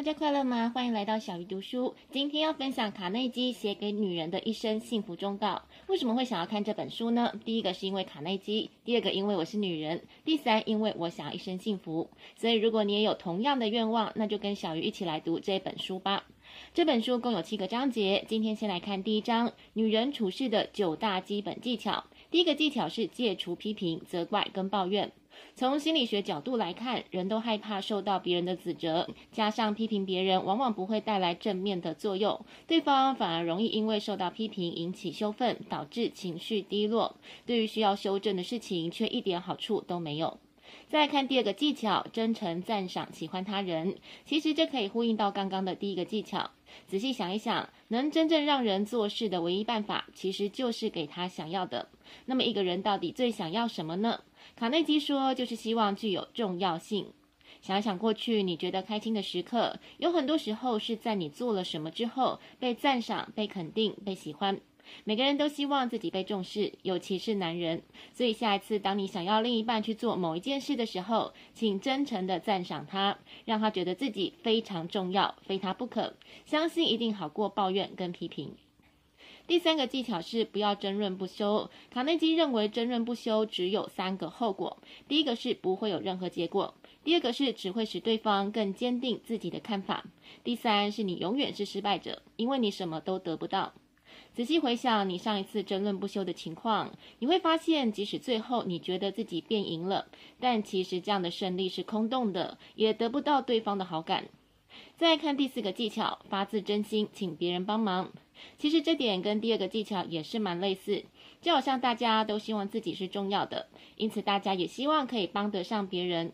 大家快樂嗎？歡迎來到小魚讀書。今天要分享卡內基寫給女人的一生幸福忠告。為什麼會想要看這本書呢？第一個是因為卡內基，第二個因為我是女人，第三因為我想要一生幸福。所以如果你也有同樣的願望，那就跟小魚一起來讀這本書吧。這本書共有七個章節，今天先來看第一章：女人處事的九大基本技巧。第一個技巧是戒除批評、責怪跟抱怨。從心理學角度來看，人都害怕受到別人的指責，加上批評別人往往不會帶來正面的作用，對方反而容易因為受到批評引起羞憤，導致情緒低落。對於需要修正的事情，卻一點好處都沒有。再看第二個技巧，真誠讚賞，喜歡他人。其實這可以呼應到剛剛的第一個技巧。仔細想一想，能真正讓人做事的唯一辦法，其實就是給他想要的。那麼一個人到底最想要什麼呢？卡內基說，就是希望具有重要性。想一想，過去你覺得開心的時刻，有很多時候是在你做了什麼之後，被讚賞、被肯定、被喜歡。每個人都希望自己被重視，尤其是男人。所以下一次，當你想要另一半去做某一件事的時候，請真誠地讚賞他，讓他覺得自己非常重要，非他不可。相信一定好過抱怨跟批評。第三個技巧是不要爭論不休。卡內基認為，爭論不休只有三個後果：第一個是不會有任何結果；第二個是只會使對方更堅定自己的看法；第三是你永遠是失敗者，因為你什麼都得不到。仔細回想你上一次爭論不休的情況，你會發現，即使最後你覺得自己辯贏了，但其實這樣的勝利是空洞的，也得不到對方的好感。再看第四個技巧，發自真心請別人幫忙。其實這點跟第二個技巧也是蠻類似，就好像大家都希望自己是重要的，因此大家也希望可以幫得上別人。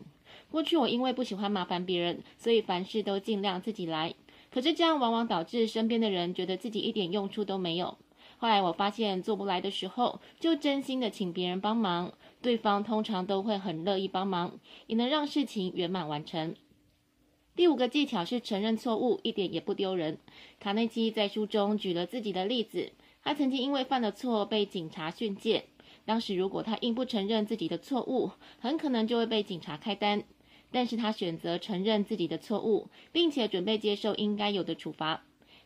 過去我因為不喜歡麻煩別人，所以凡事都盡量自己來。可是這樣往往導致身邊的人覺得自己一點用處都沒有。後來我發現做不來的時候，就真心的請別人幫忙，對方通常都會很樂意幫忙，也能讓事情圓滿完成。第五個技巧是承認錯誤，一點也不丟人。卡內基在書中舉了自己的例子，他曾經因為犯了錯被警察訓誡，當時如果他硬不承認自己的錯誤，很可能就會被警察開單。但是他選擇承認自己的錯誤，並且準備接受應該有的處罰。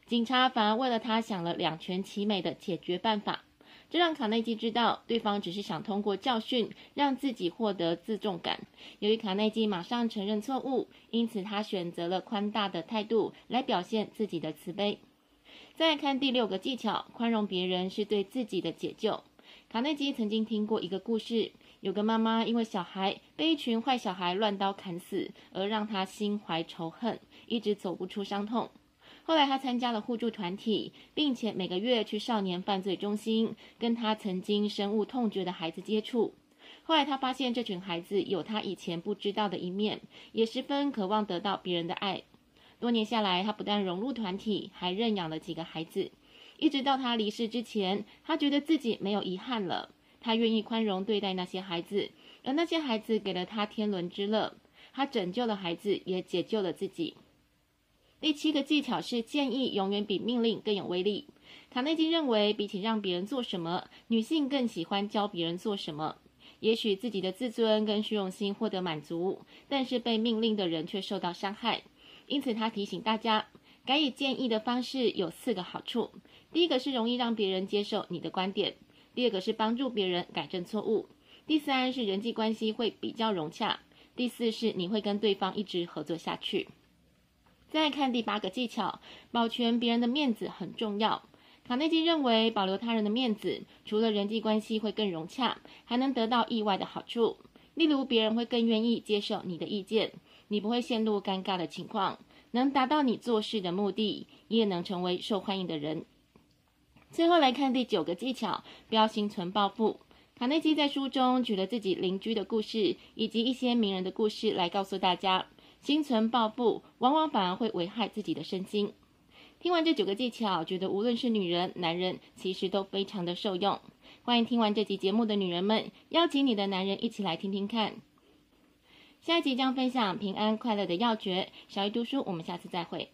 警察反而為了他想了兩全其美的解決辦法，這讓卡內基知道對方只是想通過教訓讓自己獲得自重感。由於卡內基馬上承認錯誤，因此他選擇了寬大的態度來表現自己的慈悲。再看第六個技巧，寬容別人是對自己的解救。卡內基曾經聽過一個故事，有個媽媽因為小孩被一群壞小孩亂刀砍死，而讓她心懷仇恨，一直走不出傷痛。後來，她參加了互助團體，並且每個月去少年犯罪中心，跟她曾經深惡痛絕的孩子接觸。後來，她發現這群孩子有她以前不知道的一面，也十分渴望得到別人的愛。多年下來，她不但融入團體，還認養了幾個孩子。一直到他離世之前，他覺得自己沒有遺憾了。他願意寬容對待那些孩子，而那些孩子給了他天倫之樂。他拯救了孩子，也解救了自己。第七個技巧是建議永遠比命令更有威力。卡內基認為，比起讓別人做什麼，女性更喜歡教別人做什麼。也許自己的自尊跟虛榮心獲得滿足，但是被命令的人卻受到傷害。因此，他提醒大家，改以建議的方式有四個好處。第一個是容易讓別人接受你的觀點，第二個是幫助別人改正錯誤，第三是人際關係會比較融洽，第四是你會跟對方一直合作下去。再看第八個技巧，保全別人的面子很重要。卡內基認為，保留他人的面子，除了人際關係會更融洽，還能得到意外的好處，例如別人會更願意接受你的意見，你不會陷入尷尬的情況，能達到你做事的目的，你也能成為受歡迎的人。最後來看第九個技巧，不要心存報復。卡內基在書中舉了自己鄰居的故事，以及一些名人的故事來告訴大家，心存報復往往反而會危害自己的身心。聽完這九個技巧，覺得無論是女人、男人，其實都非常的受用。歡迎聽完這集節目的女人們，邀請你的男人一起來聽聽看。下一集將分享平安快樂的要訣。小魚讀書，我們下次再會。